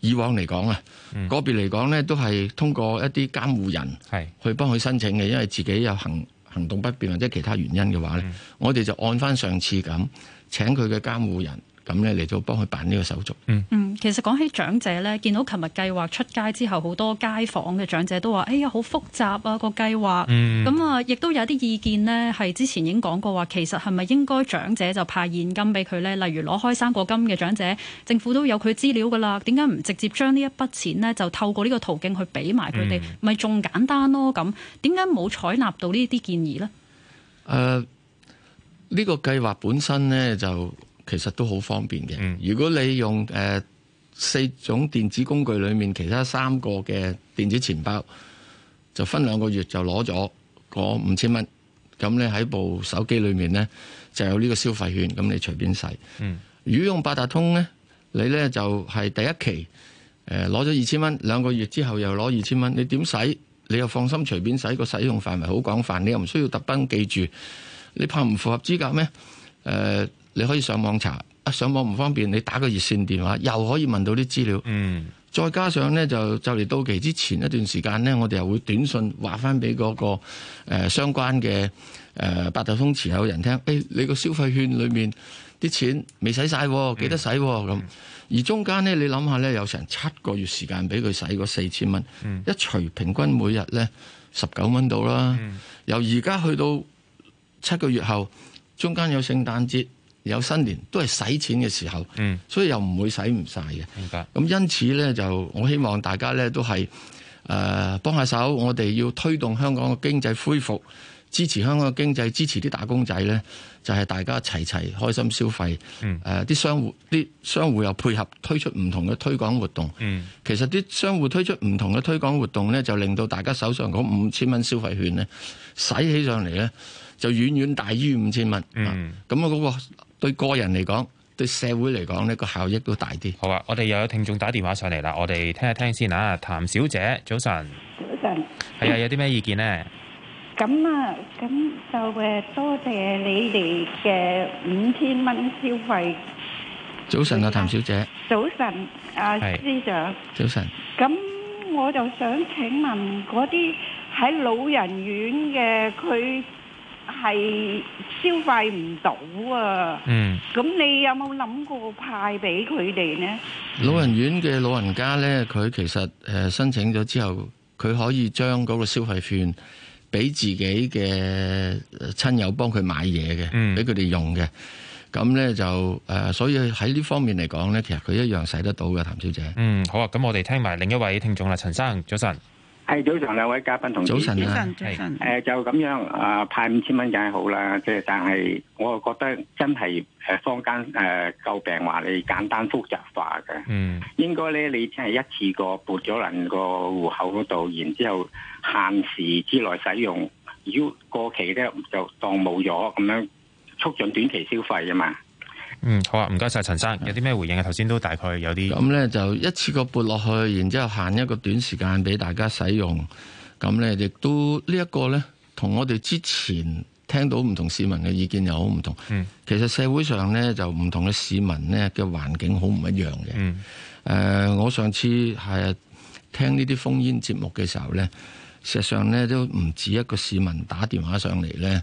以往嚟講啊，嗯、個別嚟講咧都係通過一啲監護人係去幫佢申請嘅，因為自己有行行動不便或者其他原因嘅話咧，嗯、我哋就按翻上次咁請佢嘅監護人。咁咧嚟到幫佢辦呢個手續。嗯、嗯，其實講起長者咧，見到琴日計劃出街之後，好多街坊嘅長者都話，哎呀，好複雜啊個計劃。咁啊、嗯，亦都有啲意見呢，係之前已經講過話，其實係咪應該長者就派現金俾佢呢？例如攞開生果金嘅長者，政府都有佢資料噶啦。點解唔直接將呢一筆錢呢，就透過呢個途徑去俾埋佢哋，咪仲、嗯、簡單咯？咁點解冇採納到呢啲建議呢？誒、呃，呢、呢個計劃本身呢，就。其實都好方便嘅。如果你用、呃、四種電子工具裏面其他三個嘅電子錢包，就分兩個月就攞咗嗰五千蚊。咁你喺部手機裏面呢，就有呢個消費券，咁你隨便使。嗯、如果用八達通呢，你呢就係、是、第一期誒攞咗二千蚊，兩個月之後又攞二千蚊。你點使？你又放心隨便使，個使用範圍好廣泛，你又唔需要特登記住。你怕唔符合資格咩？呃你可以上網查，一、啊、上網唔方便，你打個熱線電話又可以問到啲資料。嗯，再加上呢，就就嚟到期之前一段時間呢，我哋又會短信話翻俾嗰個、呃、相關嘅、呃、八達通持有人聽，誒、哎、你個消費券裏面啲錢未使晒喎，記得使咁。而中間呢，你諗下呢，有成七個月時間俾佢使嗰四千蚊，嗯、一除平均每日呢十九蚊到啦。嗯嗯、由而家去到七個月後，中間有聖誕節。有新年都係使錢嘅時候，嗯、所以又唔會使唔晒嘅。明白。咁因此呢，就我希望大家呢都係誒、呃、幫下手。我哋要推動香港嘅經濟恢復，支持香港嘅經濟，支持啲打工仔呢，就係、是、大家齊齊開心消費。誒啲、嗯呃、商戶啲商戶又配合推出唔同嘅推廣活動。嗯、其實啲商戶推出唔同嘅推廣活動呢，就令到大家手上嗰五千蚊消費券呢，使起上嚟呢，就遠遠大於五千蚊。咁、嗯、啊嗰個對個人嚟講，對社會嚟講呢個效益都大啲。好啊，我哋又有聽眾打電話上嚟啦，我哋聽一聽先啊，譚小姐，早晨。早晨。係啊，有啲咩意見呢？咁啊，咁就誒，多謝你哋嘅五千蚊消費。早晨啊，譚小姐。早晨，啊，司長。早晨。咁我就想請問嗰啲喺老人院嘅佢。係消費唔到啊！嗯，咁你有冇諗過派俾佢哋呢？嗯、老人院嘅老人家呢，佢其實誒申請咗之後，佢可以將嗰個消費券俾自己嘅親友幫佢買嘢嘅，俾佢哋用嘅。咁呢，就誒所以喺呢方面嚟講呢，其實佢一樣使得到嘅，譚小姐。嗯，好啊，咁我哋聽埋另一位聽眾啦，陳生，早晨。係早上兩位嘉賓同早晨，早晨、呃、啊，誒就咁樣啊，派五千蚊梗係好啦，即係但係我又覺得真係誒坊間誒、呃、詬病，話你簡單複雜化嘅，嗯，應該咧你真係一次過撥咗人個戶口嗰度，然之後，後限時之內使用，如果過期咧就當冇咗咁樣，促進短期消費啊嘛。嗯，好啊，唔該晒陳生，有啲咩回應啊？頭先是都大概有啲。咁咧就一次過撥落去，然之後限一個短時間俾大家使用。咁咧亦都、這個、呢一個咧，同我哋之前聽到唔同市民嘅意見又好唔同。嗯、其實社會上咧就唔同嘅市民咧嘅環境好唔一樣嘅。嗯。誒、呃，我上次係聽呢啲烽煙節目嘅時候咧，事實上咧都唔止一個市民打電話上嚟咧，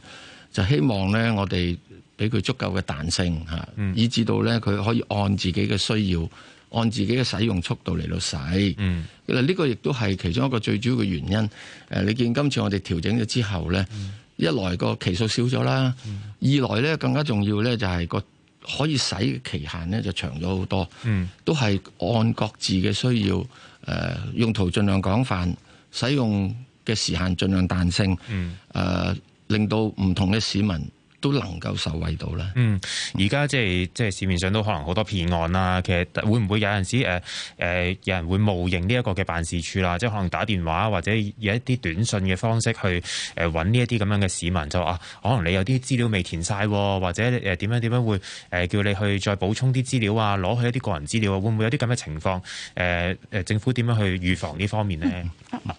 就希望咧我哋。俾佢足夠嘅彈性、嗯、以至到咧佢可以按自己嘅需要，按自己嘅使用速度嚟到使。嗱、嗯，呢個亦都係其中一個最主要嘅原因。呃、你見今次我哋調整咗之後咧，嗯、一來個期數少咗啦，嗯、二來咧更加重要咧就係個可以使嘅期限咧就長咗好多。嗯、都係按各自嘅需要，呃、用途盡量廣泛，使用嘅時限盡量彈性，嗯呃、令到唔同嘅市民。都能夠受惠到啦。嗯，而家即係即係市面上都可能好多騙案啦、啊。其實會唔會有陣時誒誒、呃呃、有人會冒認呢一個嘅辦事處啦、啊？即係可能打電話或者以一啲短信嘅方式去誒揾呢一啲咁樣嘅市民就，就、啊、話可能你有啲資料未填晒、啊，或者誒點、呃、樣點樣會誒、呃、叫你去再補充啲資料啊，攞去一啲個人資料啊？會唔會有啲咁嘅情況誒誒政府點樣去預防呢方面咧？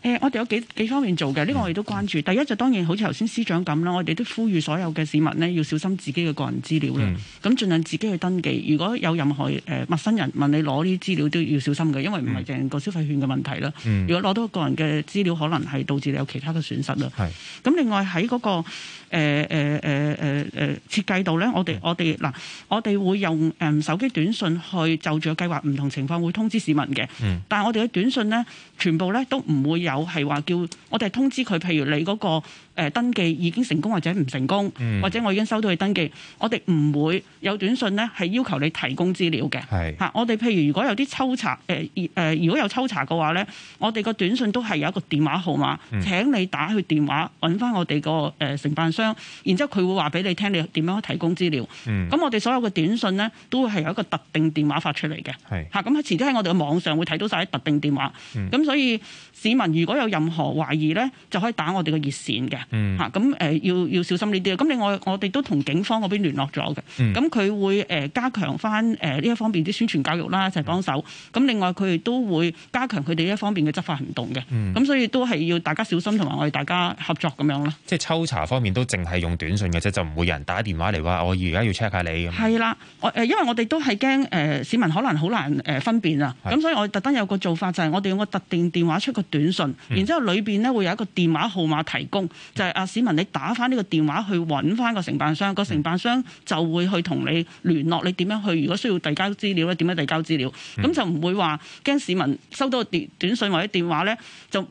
誒我哋有幾幾方面做嘅，呢、這個我哋都關注。嗯、第一就當然好似頭先司長咁啦，我哋都呼籲所有嘅市民。要小心自己嘅個人資料啦，咁儘、嗯、量自己去登記。如果有任何誒陌生人問你攞呢啲資料，都要小心嘅，因為唔係淨個消費券嘅問題啦。嗯、如果攞到個人嘅資料，可能係導致你有其他嘅損失啦。咁是 另外喺嗰、嗰個。誒誒誒誒誒設計到咧，我哋我哋嗱，我哋、呃、會用誒、嗯、手機短信去就住計劃唔同情況會通知市民嘅。嗯、但係我哋嘅短信咧，全部咧都唔會有係話叫我哋通知佢，譬如你嗰、嗰個、呃、登記已經成功或者唔成功，或者我已經收到你登記，我哋唔會有短信咧係要求你提供資料嘅。係。嚇，我哋譬如如果有啲抽查誒誒、呃呃，如果有抽查嘅話咧，我哋個短信都係有一個電話號碼，請你打去電話揾翻我哋個誒承辦。然之後佢會話俾你聽，你點樣提供資料？咁、嗯、我哋所有嘅短信咧，都會係有一個特定電話發出嚟嘅。係咁喺遲啲喺我哋嘅網上會睇到晒啲特定電話。咁、嗯、所以市民如果有任何懷疑咧，就可以打我哋嘅熱線嘅。嚇咁誒要要小心呢啲啦。咁另外我哋都同警方嗰邊聯絡咗嘅。咁佢、嗯、會誒加強翻誒呢一方面啲宣傳教育啦，就係幫手。咁、嗯、另外佢哋都會加強佢哋呢一方面嘅執法行動嘅。咁、嗯、所以都係要大家小心同埋我哋大家合作咁樣咯。即係抽查方面都。淨係用短信嘅啫，就唔會有人打電話嚟話我而家要 check 下你咁。係啦，我誒因為我哋都係驚誒市民可能好難誒分辨啊，咁是的 所以我特登有個做法就係、是、我哋用個特定電話出個短信，嗯、然之後裏邊咧會有一個電話號碼提供，就係、是、啊市民你打返呢個電話去搵返個承辦商，嗯、個承辦商就會去同你聯絡，你點樣去？如果需要遞交資料咧，點樣遞交資料？咁、嗯、就唔會話驚市民收到個短信或者電話咧就。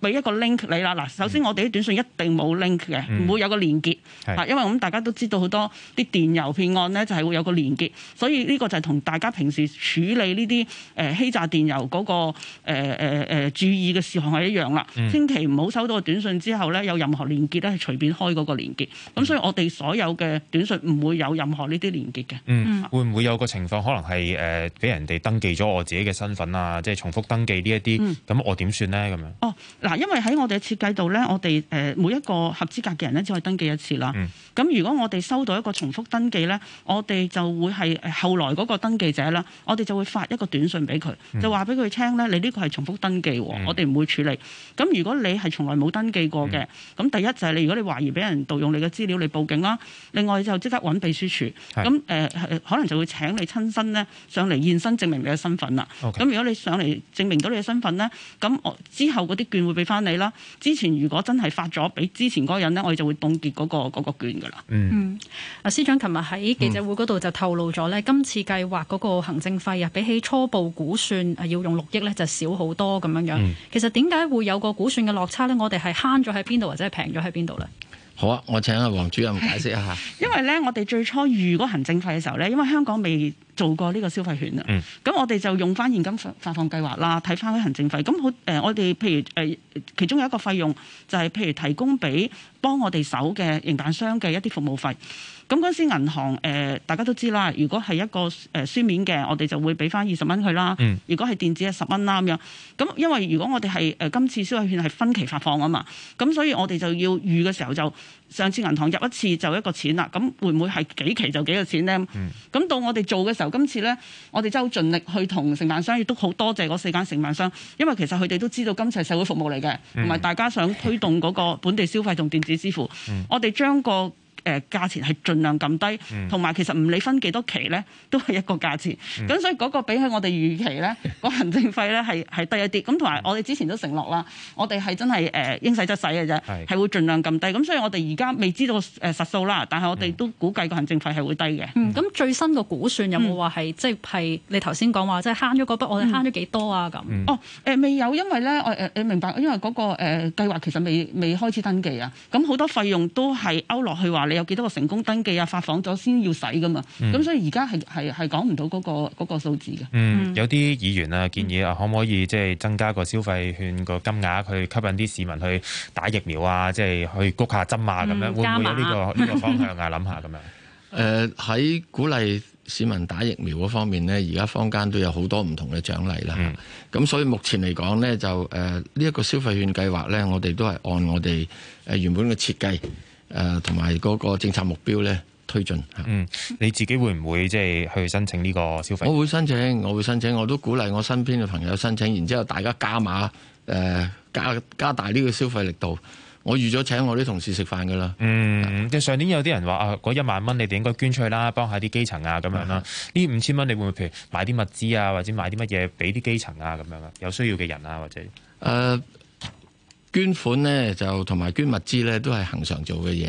俾一個 link 你啦，嗱，首先我哋啲短信一定冇 link 嘅，唔、嗯、會有個連結，嚇是，因為我哋大家都知道好多啲電郵騙案咧，就係會有個連結，所以呢個就係同大家平時處理呢啲誒欺詐電郵嗰、那個誒誒、呃呃、注意嘅事項係一樣啦，千祈唔好收到個短信之後咧有任何連結咧，係隨便開嗰個連結，咁、嗯、所以我哋所有嘅短信唔會有任何呢啲連結嘅。嗯，嗯會唔會有個情況可能係誒俾人哋登記咗我自己嘅身份啊，即係重複登記呢一啲，咁我點算咧咁樣？哦。嗱，因為喺我哋嘅設計度咧，我哋誒每一個合資格嘅人咧，只可以登記一次啦。咁、嗯、如果我哋收到一個重複登記咧，我哋就會係後來嗰個登記者啦，我哋就會發一個短信俾佢，嗯、就話俾佢聽咧，你呢個係重複登記，嗯、我哋唔會處理。咁如果你係從來冇登記過嘅，咁、嗯、第一就係你如果你懷疑俾人盜用你嘅資料，你報警啦。另外就即刻揾秘書處，咁誒是、嗯呃、可能就會請你親身咧上嚟現身證明你嘅身份啦。咁 Okay. 如果你上嚟證明到你嘅身份咧，咁我之後嗰啲券會。俾翻你啦！之前如果真係發咗俾之前嗰個人咧，我哋就會凍結嗰個嗰個券噶啦。嗯，啊司長，琴日喺記者會嗰度就透露咗咧，今次計劃嗰個行政費啊，比起初步估算係要用六億咧，就少好多咁樣樣。其實點解會有個估算嘅落差咧？我哋係慳咗喺邊度，或者係平咗喺邊度咧？好啊，我請阿王主任解釋一下。因為咧，我哋最初預嗰行政費嘅時候咧，因為香港未做過呢個消費券啦，咁、嗯、我哋就用翻現金發放計劃啦，睇翻佢行政費。咁好，誒、呃，我哋譬如誒、呃，其中有一個費用就係譬如提供俾幫我哋手嘅營辦商嘅一啲服務費。咁嗰陣時銀行、呃、大家都知啦，如果係一個誒書面嘅，我哋就會俾翻二十蚊佢啦。如果係電子嘅十蚊啦咁樣。咁因為如果我哋係、呃、今次消費券係分期發放啊嘛，咁所以我哋就要預嘅時候就上次銀行入一次就一個錢啦。咁會唔會係幾期就幾個錢呢？咁、嗯、到我哋做嘅時候，今次呢，我哋真係好盡力去同承辦商亦都好多謝嗰四間承辦商，因為其實佢哋都知道今次係社會服務嚟嘅，同埋、嗯、大家想推動嗰個本地消費同電子支付。嗯、我哋將個誒價錢係盡量撳低，同埋、嗯、其實唔理分幾多期咧，都係一個價錢。咁、嗯、所以嗰個比起我哋預期咧，嗯、個行政費咧係係低一啲。咁同埋我哋之前都承諾啦，我哋係真係誒、呃、應使則使嘅啫，係是會盡量撳低。咁所以我哋而家未知道誒實數啦，但係我哋都估計個行政費係會低嘅。咁、嗯嗯、最新個估算有冇話係即係你頭先講話即係慳咗嗰筆，我哋慳咗幾多啊？咁、嗯嗯、哦誒、呃、未有，因為咧我誒你明白，因為嗰、那個誒、呃、計劃其實未未開始登記啊，咁好多費用都係勾落去話你。有幾多個成功登記啊？發放咗先要使噶嘛？咁、嗯、所以而家係係係講唔到嗰、那個嗰、那個、數字嘅。嗯，有啲議員啊建議啊，嗯、可唔可以即係、就是、增加個消費券個金額，去吸引啲市民去打疫苗啊？即、就、係、是、去谷下針啊？咁、嗯、樣會唔會有呢、這個呢、啊、個方向啊？諗下咁樣啊？誒喺、呃、鼓勵市民打疫苗嗰方面咧，而家坊間都有好多唔同嘅獎勵啦。咁、嗯、所以目前嚟講咧，就誒呢一個消費券計劃咧，我哋都係按我哋誒原本嘅設計。誒同埋嗰個政策目標咧推進。嗯，你自己會唔會即係、就是、去申請呢個消費？我會申請，我會申請，我都鼓勵我身邊嘅朋友申請，然之後大家加碼誒、呃、加加大呢個消費力度。我預咗請我啲同事食飯噶啦。嗯，是即係上年有啲人話啊，嗰一萬蚊你哋應該捐出去啦，幫下啲基層啊咁的樣啦。呢五千蚊你會唔會譬如買啲物資啊，或者買啲乜嘢俾啲基層啊咁樣啊？有需要嘅人啊，或者誒。呃捐款咧就同埋捐物資咧都係恒常做嘅嘢，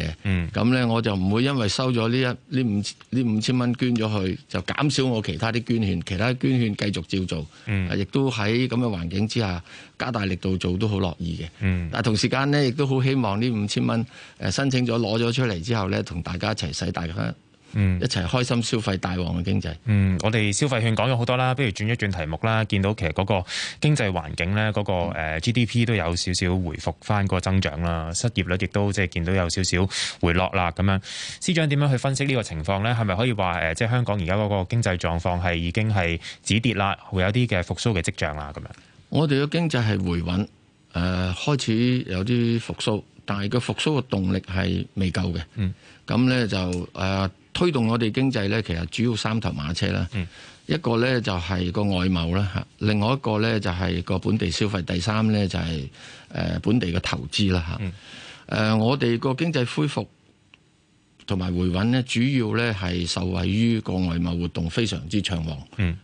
咁咧、嗯、我就唔會因為收咗呢一呢五呢五千蚊捐咗去就減少我其他啲捐獻，其他捐獻繼續照做，嗯、亦都喺咁嘅環境之下加大力度做都好樂意嘅。嗯、但同時間咧亦都好希望呢五千蚊誒申請咗攞咗出嚟之後咧，同大家一齊使大家。嗯，一齊開心消費大旺嘅經濟。嗯，我哋消費券講咗好多啦，不如轉一轉題目啦。見到其實嗰個經濟環境咧，嗰、嗰個誒、嗯呃、GDP 都有少少回復返個增長啦，失業率亦都即係見到有少少回落啦，咁樣。司長點樣去分析呢個情況咧？係咪可以話誒、呃，即係香港而家嗰個經濟狀況係已經係止跌啦，會有啲嘅復蘇嘅跡象啦，咁樣？我哋嘅經濟係回穩，誒、呃、開始有啲復蘇，但係個復蘇嘅動力係未夠嘅。嗯，咁咧就誒。呃推動我哋經濟呢，其實主要三頭馬車啦，嗯、一個呢就係個外貿啦嚇，另外一個呢就係個本地消費，第三呢就係誒本地嘅投資啦嚇。誒、嗯呃，我哋個經濟恢復同埋回穩呢，主要呢係受惠於個外貿活動非常之暢旺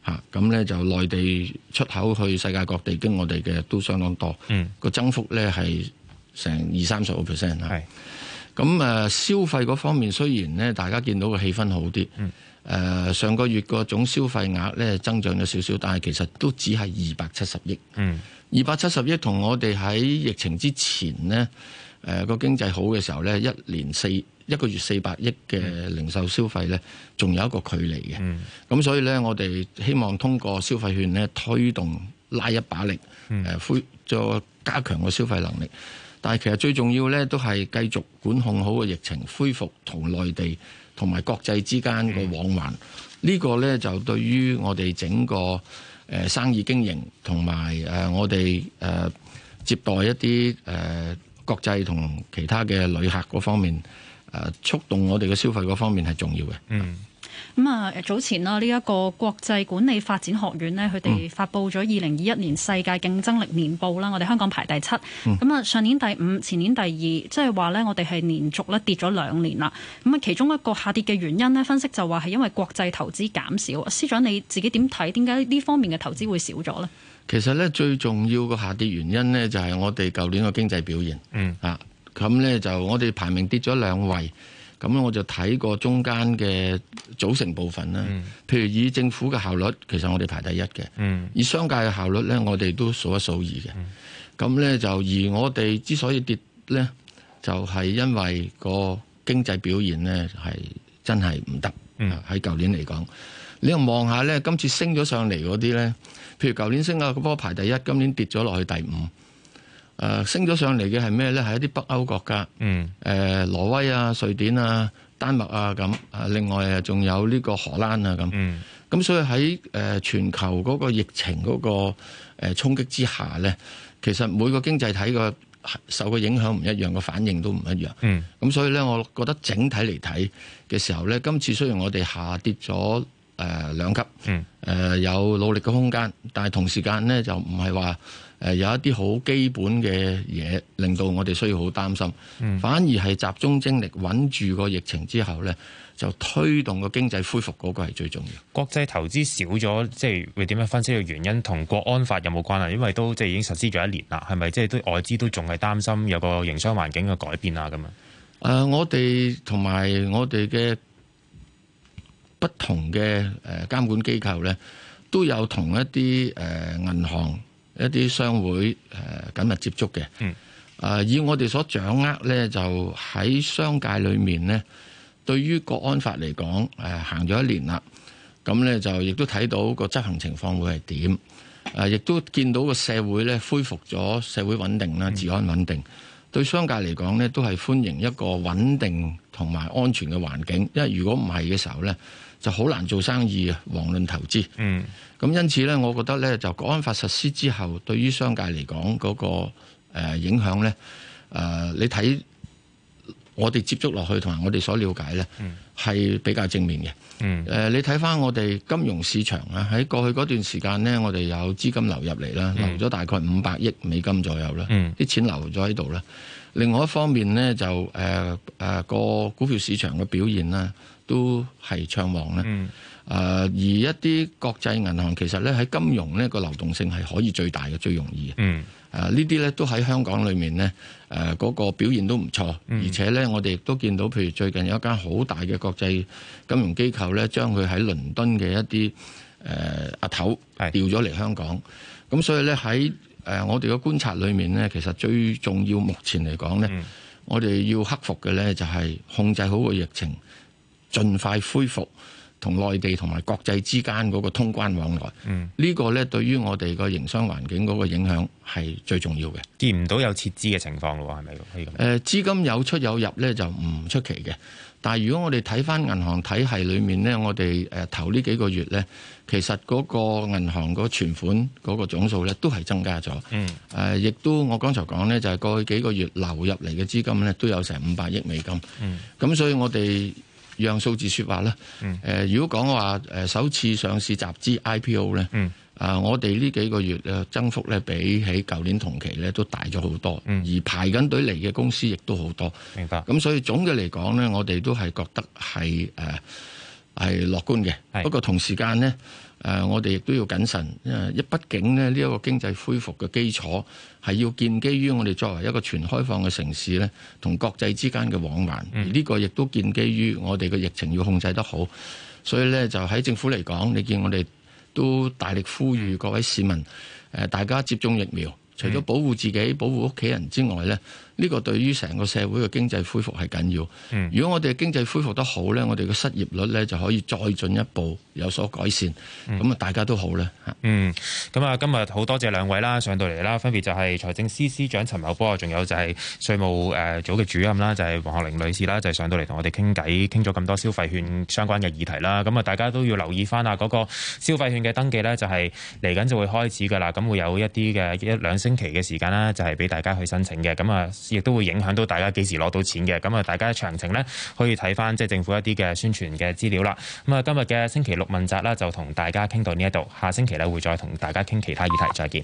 嚇，咁呢、嗯、就內地出口去世界各地經我哋嘅都相當多，個、嗯、增幅呢係成二三十個 percent 嚇。咁誒消費嗰方面雖然咧，大家見到個氣氛好啲。誒、嗯呃、上個月個總消費額咧增長咗少少，但係其實都只係二百七十億。二百七十億同我哋喺疫情之前咧，誒、呃、個經濟好嘅時候咧，一年四一個月四百億嘅零售消費咧，仲有一個距離嘅。咁、嗯、所以咧，我哋希望通過消費券咧，推動拉一把力，誒恢再加強個消費能力。但係其實最重要咧，都係繼續管控好個疫情，恢復同內地同埋國際之間個往還。呢個咧就對於我哋整個誒生意經營同埋誒我哋誒接待一啲誒國際同其他嘅旅客嗰方面誒，促動我哋嘅消費嗰方面係重要嘅。嗯。咁啊，早前啦，呢、這、一個國際管理發展學院咧，佢哋發布咗二零二一年世界競爭力年報啦，嗯、我哋香港排第七，咁啊、嗯、上年第五，前年第二，即係話咧，我哋係連續咧跌咗兩年啦。咁啊，其中一個下跌嘅原因咧，分析就話，係因為國際投資減少。司長你自己點睇？點解呢方面嘅投資會少咗咧？其實咧，最重要嘅下跌原因咧，就係我哋舊年嘅經濟表現。嗯。啊，咁咧就我哋排名跌咗兩位。咁我就睇過中間嘅組成部分啦，譬如以政府嘅效率，其實我哋排第一嘅；以商界嘅效率咧，我哋都數一數二嘅。咁咧就而我哋之所以跌咧，就係因為個經濟表現咧係真係唔得。喺舊年嚟講，你又望下咧，今次升咗上嚟嗰啲咧，譬如舊年新加坡排第一，今年跌咗落去第五。誒，升咗上嚟嘅係咩咧？係一啲北歐國家，誒、嗯呃，挪威啊、瑞典啊、丹麥啊咁。啊，另外啊，仲有呢個荷蘭啊咁。咁、嗯、所以喺誒、呃、全球嗰個疫情嗰、嗰個誒衝擊之下咧，其實每個經濟體個受嘅影響唔一樣，個反應都唔一樣。咁、嗯、所以咧，我覺得整體嚟睇嘅時候咧，今次雖然我哋下跌咗誒兩級，誒、嗯呃、有努力嘅空間，但係同時間咧就唔係話。誒有一啲好基本嘅嘢，令到我哋需要好擔心。嗯、反而係集中精力穩住個疫情之後呢，就推動經的個經濟恢復嗰個係最重要的。國際投資少咗，即係會點樣分析個原因？同國安法有冇關係？因為都即係已經實施咗一年啦，係咪即係都外資都仲係擔心有個營商環境嘅改變啊？咁樣誒，我哋同埋我哋嘅不同嘅誒監管機構咧，都有同一啲誒銀行。一啲商會誒緊密接觸嘅，誒、嗯、以我哋所掌握咧，就喺商界裏面咧，對於國安法嚟講，誒行咗一年啦，咁咧就亦都睇到個執行情況會係點，誒亦都見到個社會咧恢復咗社會穩定啦，治安穩定。嗯對商界嚟講咧，都係歡迎一個穩定同埋安全嘅環境，因為如果唔係嘅時候咧，就好難做生意啊，遑論投資。嗯，咁因此咧，我覺得咧，就國安法實施之後，對於商界嚟講嗰個、呃、影響咧，誒、呃、你睇。我哋接觸落去同埋我哋所了解呢，係比較正面嘅。誒，你睇翻我哋金融市場啊，喺過去嗰段時間呢，我哋有資金流入嚟啦，流咗大概五百億美金左右啦，啲錢流咗喺度啦。另外一方面呢，就誒誒個股票市場嘅表現啦，都係暢旺啦。誒、呃，而一啲國際銀行其實呢喺金融呢個流動性係可以最大嘅、最容易嘅。啊！這些呢啲咧都喺香港裏面咧，誒、呃、嗰、那個表現都唔錯，嗯、而且咧我哋亦都見到，譬如最近有一間好大嘅國際金融機構咧，將佢喺倫敦嘅一啲誒、呃、阿頭調咗嚟香港，咁是所以咧喺誒我哋嘅觀察裏面咧，其實最重要目前嚟講咧，嗯、我哋要克服嘅咧就係、是、控制好個疫情，盡快恢復。同內地同埋國際之間嗰個通關往來，呢、嗯、個咧對於我哋個營商環境嗰個影響係最重要嘅。見唔到有撤資嘅情況咯，係咪？誒，資金有出有入呢就唔出奇嘅。但係如果我哋睇翻銀行體系裡面呢，我哋誒頭呢幾個月呢，其實嗰個銀行嗰存款嗰個總數咧都係增加咗。誒、嗯，亦都我剛才講呢，就係、是、過去幾個月流入嚟嘅資金呢都有成五百億美金。咁、嗯、所以我哋讓數字説話啦。誒、呃，如果講話誒、呃、首次上市集資 IPO 咧，啊、嗯呃，我哋呢幾個月誒增幅咧，比起舊年同期咧都大咗好多。嗯、而排緊隊嚟嘅公司亦都好多。明白。咁所以總嘅嚟講咧，我哋都係覺得係誒係樂觀嘅。是不過同時間咧。呃、我哋亦都要謹慎，因為畢竟咧呢一個經濟恢復嘅基礎係要建基於我哋作為一個全開放嘅城市咧，同國際之間嘅往來，而呢個亦都建基於我哋嘅疫情要控制得好。所以呢，就喺政府嚟講，你見我哋都大力呼籲各位市民，呃、大家接種疫苗，除咗保護自己、保護屋企人之外呢呢個對於成個社會嘅經濟恢復係緊要。如果我哋嘅經濟恢復得好呢，我哋嘅失業率呢就可以再進一步有所改善。咁啊、嗯，大家都好咧。嗯，咁啊，今日好多謝兩位啦，上到嚟啦，分別就係財政司司長陳茂波，仲有就係稅務誒組嘅主任啦，就係、是、王學玲女士啦，就係、是、上到嚟同我哋傾偈，傾咗咁多消費券相關嘅議題啦。咁啊，大家都要留意翻啊，嗰、那個消費券嘅登記呢，就係嚟緊就會開始噶啦。咁會有一啲嘅一兩星期嘅時間啦，就係俾大家去申請嘅。咁啊～亦都會影響到大家幾時攞到錢嘅，咁啊，大家詳情呢，可以睇翻即係政府一啲嘅宣傳嘅資料啦。咁啊，今日嘅星期六問責咧就同大家傾到呢一度，下星期咧會再同大家傾其他議題，再見。